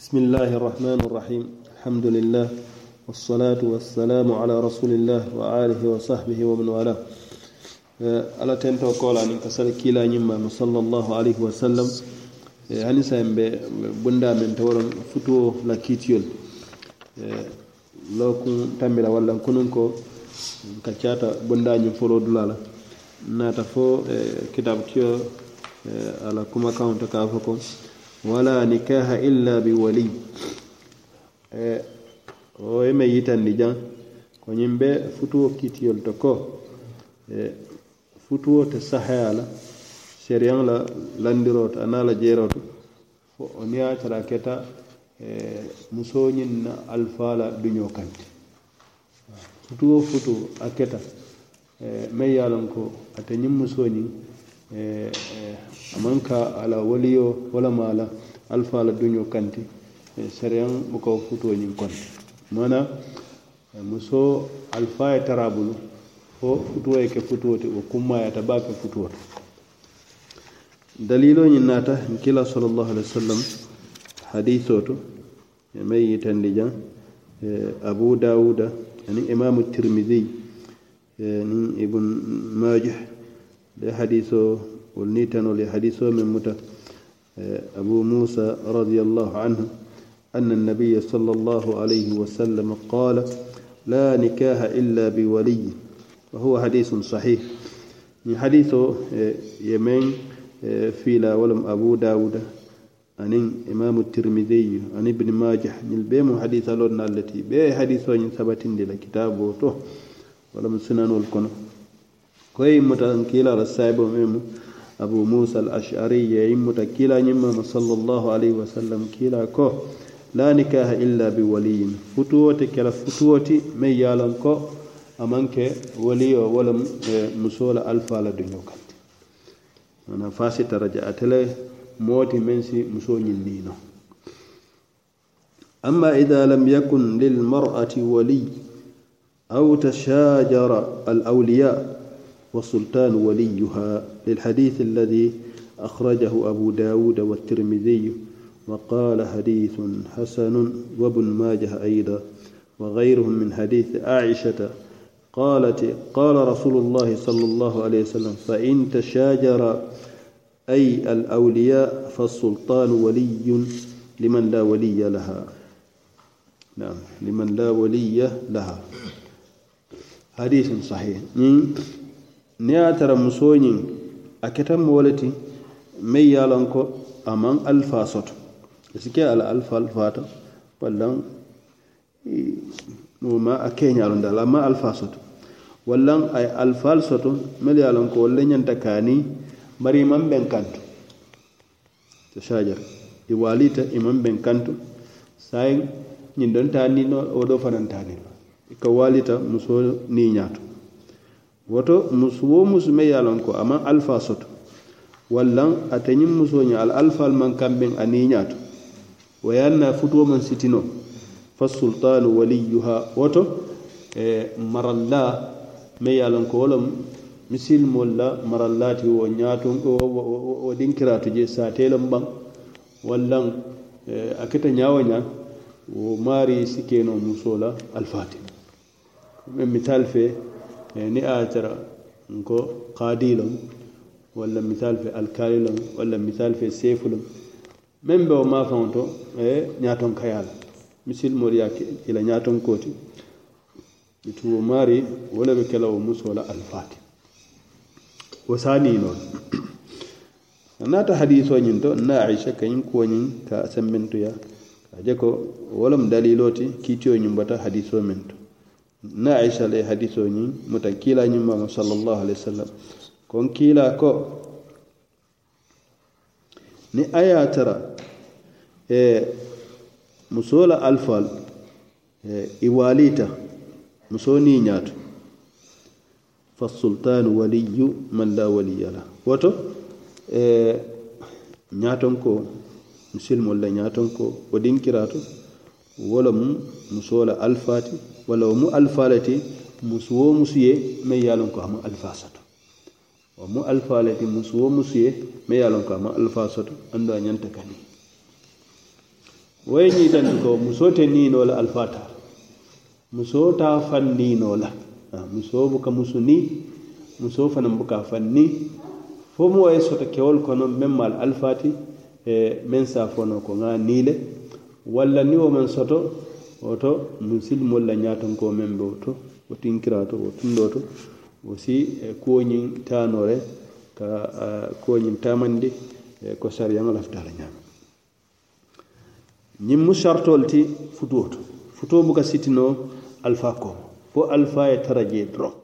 بسم الله الرحمن الرحيم الحمد لله والصلاة والسلام على رسول الله وآله وصحبه ومن والاه على آه، تنتو قول عن كسر كلا نما صلى الله عليه وسلم عن آه، سام بندا من تور فتو لكيتيل آه، لو كن تملا ولا كننكو كاتا بندا نفولو دلالة ناتفو كتاب كيو على كم كان تكافكم wala nikaha illa biwali eh, o yeme yitandi jan ko ñiŋ be futuo kitiyol to ko eh, futuo te sahaya la seriyaŋ la landiroto a la jeroto fo o niŋ ye a tara keta eh, musoo ñiŋ na alfa la duño kanti futuo futuo a keta eh, meŋ ye a loŋ ko ate ñiŋ musoo ñiŋ Eh, eh, amanka ala waliyo wala ala alfa la duño kanti eh, sariyan bukaw ni konti mana muso alfa ya tarabulu fo futo ya ke futuwote wo kummayata ba ke futo dalilo ñin nata kila sallallahu alaihi wasallam hadiso to Mai may yitandi jan abu dawuda ani imamu tirmidhi ni ibn majah le hadiso wol ni tano أبو موسى رضي الله عنه أن النبي صلى الله عليه وسلم قال لا نكاح إلا بولي وهو حديث صحيح من حديث يمين في لا ولم أبو داود عن إمام الترمذي عن ابن ماجه نلبيم حديث لنا التي بي حديث ثبت لكتابه ولم سنن الكنف koye mutan kiilala sahibo memu abu musa al ashari ye immuta kiila ñimmama sallllahu alayhi wa sallam kiila ko la nikaha illa bi waliyin futuwoti kela futuwoti meŋ ye lan ko amaŋ ke waliyo wo le musoo la alfa la duño kanti ana fasi taraja ate le moo ti meŋ si musoo ñinniino amma ida lam yakun lilmar'ati waliy aw tashajara al awliya والسلطان وليها للحديث الذي أخرجه أبو داود والترمذي وقال حديث حسن وابن ماجه أيضا وغيرهم من حديث عائشة قالت قال رسول الله صلى الله عليه وسلم فإن تشاجر أي الأولياء فالسلطان ولي لمن لا ولي لها نعم لمن لا ولي لها حديث صحيح ni a tara musonin a ketan mawalati mai ti a ko a man alifaa soto i si ke a la alifa alifaata a kenya loŋ daala a maŋ alifaa soto Wallan a ye alifaalu soto melu ye ko wolu le ñanta kaanii bari i maŋ beŋ kantu to saajara i yin don ta ni na wadofanan ta ne do i ka waalita musoo niiñaa to woto musu wo musu me ye ko a maŋ alifa soto walla ate ñiŋ musoo ñe ala alifaalu maŋ kambeŋ a niiñaato wa ye na futuo maŋ sitino fa sultanu waliyuha woto e, maralla me ye ko wo loŋ misilimoolu la marallaati wo ñaatoŋ wo dinkiraatu je saatee loŋ baŋ wallaŋ e, a keta ñaa wo ñaa wo maari si kenoo musoo la alifaati meŋ misali fee ni a tara nko kaadilom walla misal fe alkalilom walla misal fe sefulom meŋ be wo maafaŋo to ñaaton kaya la misilimoolu ye i la ñaaton itu wo maari wo le be ke la wo musoo la alifaati wo saanii noo naata hadiso ñiŋ to nna aicha ka kuwo ñiŋ ka semmentuya ka je ko wo lemu daliloo ti kiitiyo ñiŋ bota hadiso meŋ to na aisha le hadiso ni mutan kila ni mama sallallahu alaihi wasallam kon kila ko ni aya tara e musola alfal e iwalita musoni nyatu fa sultan waliyyu man la waliya la woto e nyaton ko musilmo la nyaton ko odin kiratu wala mu musola alfati wala mu alfalati musuwo musuye me yalon ko ama alfasatu wa mu alfalati musuwo musuye me yalon ko ama alfasatu anda nyanta kani way ni tan ko musote ni no la alfata musota fanni no la muso bu ka musuni muso fa nam bu ka fanni fo mu way sota kewol kono memmal alfati e men sa fono ko nga nile walla ni wo man soto oto musilmolla ñatonko membe o to o tinkirato o tundo to aussi e kuwoñin tanore ka kuwoñin tamandi e ko sariyaŋo lafitala ñaami ñiŋ mu sartol ti futuwo to futuwo buka sitino alpha ko fo alpha ye tara je drok